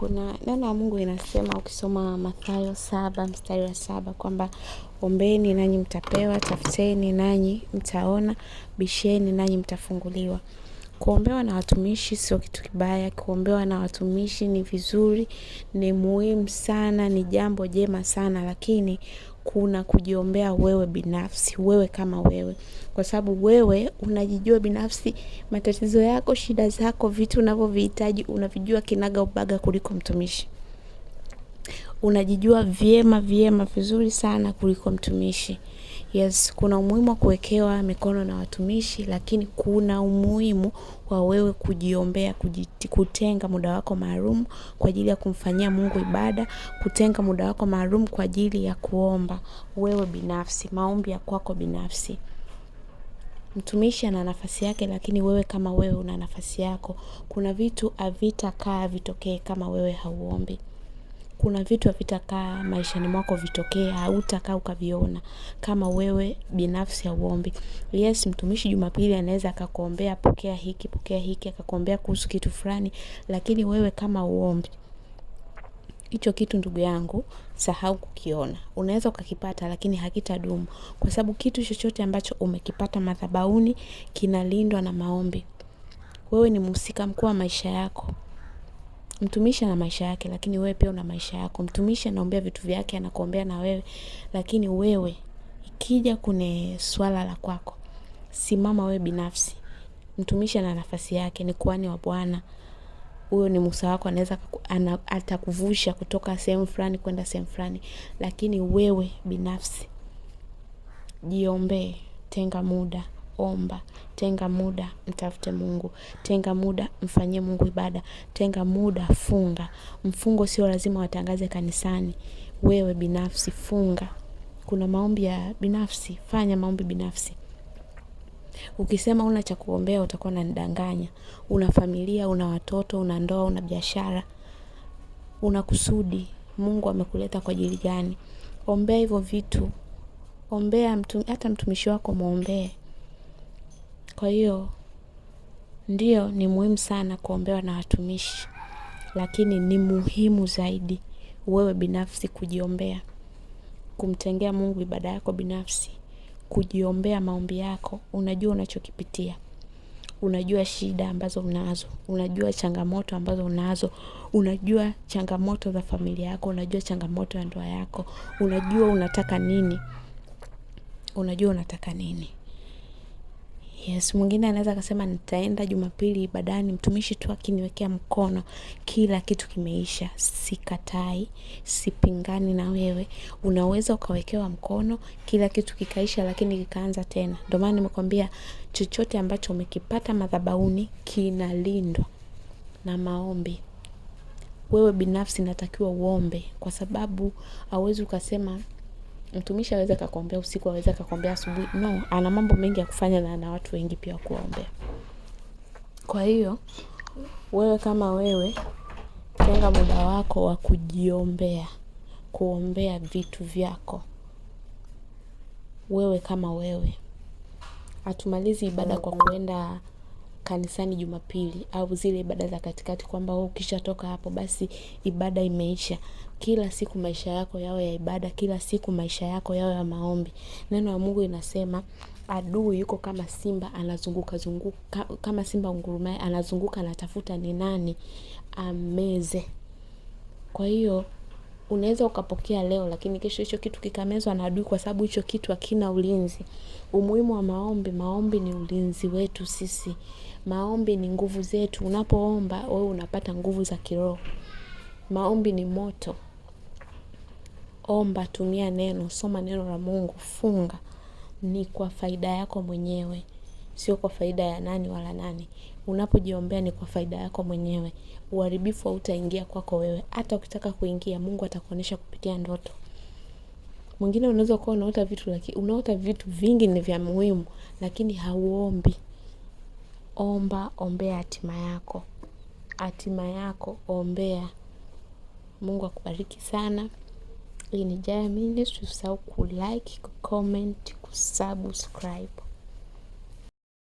kuna neno la Mungu inasema ukisoma Mathayo saba mstari wa saba kwamba ombeni nanyi mtapewa, tafuteni nanyi mtaona, bisheni nanyi mtafunguliwa. Kuombewa na watumishi sio kitu kibaya. Kuombewa na watumishi ni vizuri, ni muhimu sana, ni jambo jema sana, lakini kuna kujiombea wewe binafsi, wewe kama wewe, kwa sababu wewe unajijua binafsi, matatizo yako, shida zako, vitu unavyovihitaji unavijua kinaga ubaga kuliko mtumishi. Unajijua vyema vyema vizuri sana kuliko mtumishi. Yes, kuna umuhimu wa kuwekewa mikono na watumishi, lakini kuna umuhimu wa wewe kujiombea, kutenga muda wako maalum kwa ajili ya kumfanyia Mungu ibada, kutenga muda wako maalum kwa ajili ya kuomba wewe binafsi, maombi ya kwako binafsi. Mtumishi ana nafasi yake, lakini wewe kama wewe una nafasi yako. Kuna vitu havitakaa vitokee kama wewe hauombi kuna vitu havitakaa maishani mwako vitokee, hautakaa ukaviona kama wewe binafsi hauombi. Yes, mtumishi Jumapili anaweza akakuombea, pokea hiki, pokea hiki, akakuombea kuhusu kitu fulani, lakini wewe kama uombi hicho kitu ndugu yangu, sahau kukiona. Unaweza ukakipata, lakini hakitadumu, kwa sababu kitu chochote ambacho umekipata madhabahuni kinalindwa na maombi. Wewe ni mhusika mkuu wa maisha yako mtumishi ana maisha yake, lakini wewe pia una maisha yako. Mtumishi anaombea vitu vyake, anakuombea na wewe, lakini wewe ikija kune swala la kwako, simama wewe binafsi. Mtumishi ana nafasi yake, ni kuani wa Bwana. Huyo ni Musa wako, anaweza atakuvusha kutoka sehemu fulani kwenda sehemu fulani, lakini wewe binafsi jiombee, tenga muda omba, tenga muda mtafute Mungu, tenga muda mfanyie Mungu ibada, tenga muda funga. Mfungo sio lazima watangaze kanisani, wewe binafsi funga. Kuna maombi ya binafsi, fanya maombi binafsi. Ukisema una cha kuombea utakuwa unanidanganya. Una familia, una watoto, una ndoa, una biashara, una kusudi. Mungu amekuleta kwa ajili gani? Ombea hivyo vitu, ombea mtu, hata mtumishi wako mwombee. Kwa hiyo ndio ni muhimu sana kuombewa na watumishi, lakini ni muhimu zaidi wewe binafsi kujiombea, kumtengea Mungu ibada yako binafsi, kujiombea maombi yako. Unajua unachokipitia, unajua shida ambazo unazo, unajua changamoto ambazo unazo, unajua changamoto za familia yako, unajua changamoto ya ndoa yako, unajua unataka nini, unajua unataka nini. Yes, mwingine anaweza akasema nitaenda Jumapili ibadani, mtumishi tu akiniwekea mkono kila kitu kimeisha. Sikatai, sipingani na wewe. Unaweza ukawekewa mkono kila kitu kikaisha, lakini kikaanza tena. Ndio maana nimekwambia chochote ambacho umekipata madhabahuni kinalindwa na maombi. Wewe binafsi natakiwa uombe, kwa sababu hauwezi ukasema mtumishi aweza akakuombea usiku, aweza akakuombea asubuhi. No, ana mambo mengi ya kufanya na ana watu wengi pia kuombea. Kwa hiyo wewe kama wewe, tenga muda wako wa kujiombea, kuombea vitu vyako wewe kama wewe. Hatumalizi ibada kwa kuenda kanisani Jumapili au zile ibada za katikati, kwamba wewe ukishatoka hapo basi ibada imeisha. Kila siku maisha yako yao ya ibada, kila siku maisha yako yao ya maombi. Neno la Mungu inasema adui yuko kama simba anazunguka zunguka, kama simba ngurumaye anazunguka anatafuta ni nani ameze. Kwa hiyo unaweza ukapokea leo, lakini kesho hicho kitu kikamezwa na adui, kwa sababu hicho kitu hakina ulinzi. Umuhimu wa maombi, maombi ni ulinzi wetu sisi, maombi ni nguvu zetu. Unapoomba wewe unapata nguvu za kiroho. Maombi ni moto. Omba, tumia neno, soma neno la Mungu, funga, ni kwa faida yako mwenyewe sio kwa faida ya nani wala nani. Unapojiombea ni kwa faida yako mwenyewe. Uharibifu hautaingia kwako wewe. Hata ukitaka kuingia, Mungu atakuonesha kupitia ndoto. Mwingine unaweza kuwa unaota vitu lakini unaota vitu vingi ni vya muhimu, lakini hauombi. Omba, ombea hatima yako, hatima yako ombea. Mungu akubariki sana. Hii ni Jaya Ministry, usisahau ku ku like, comment, ku subscribe.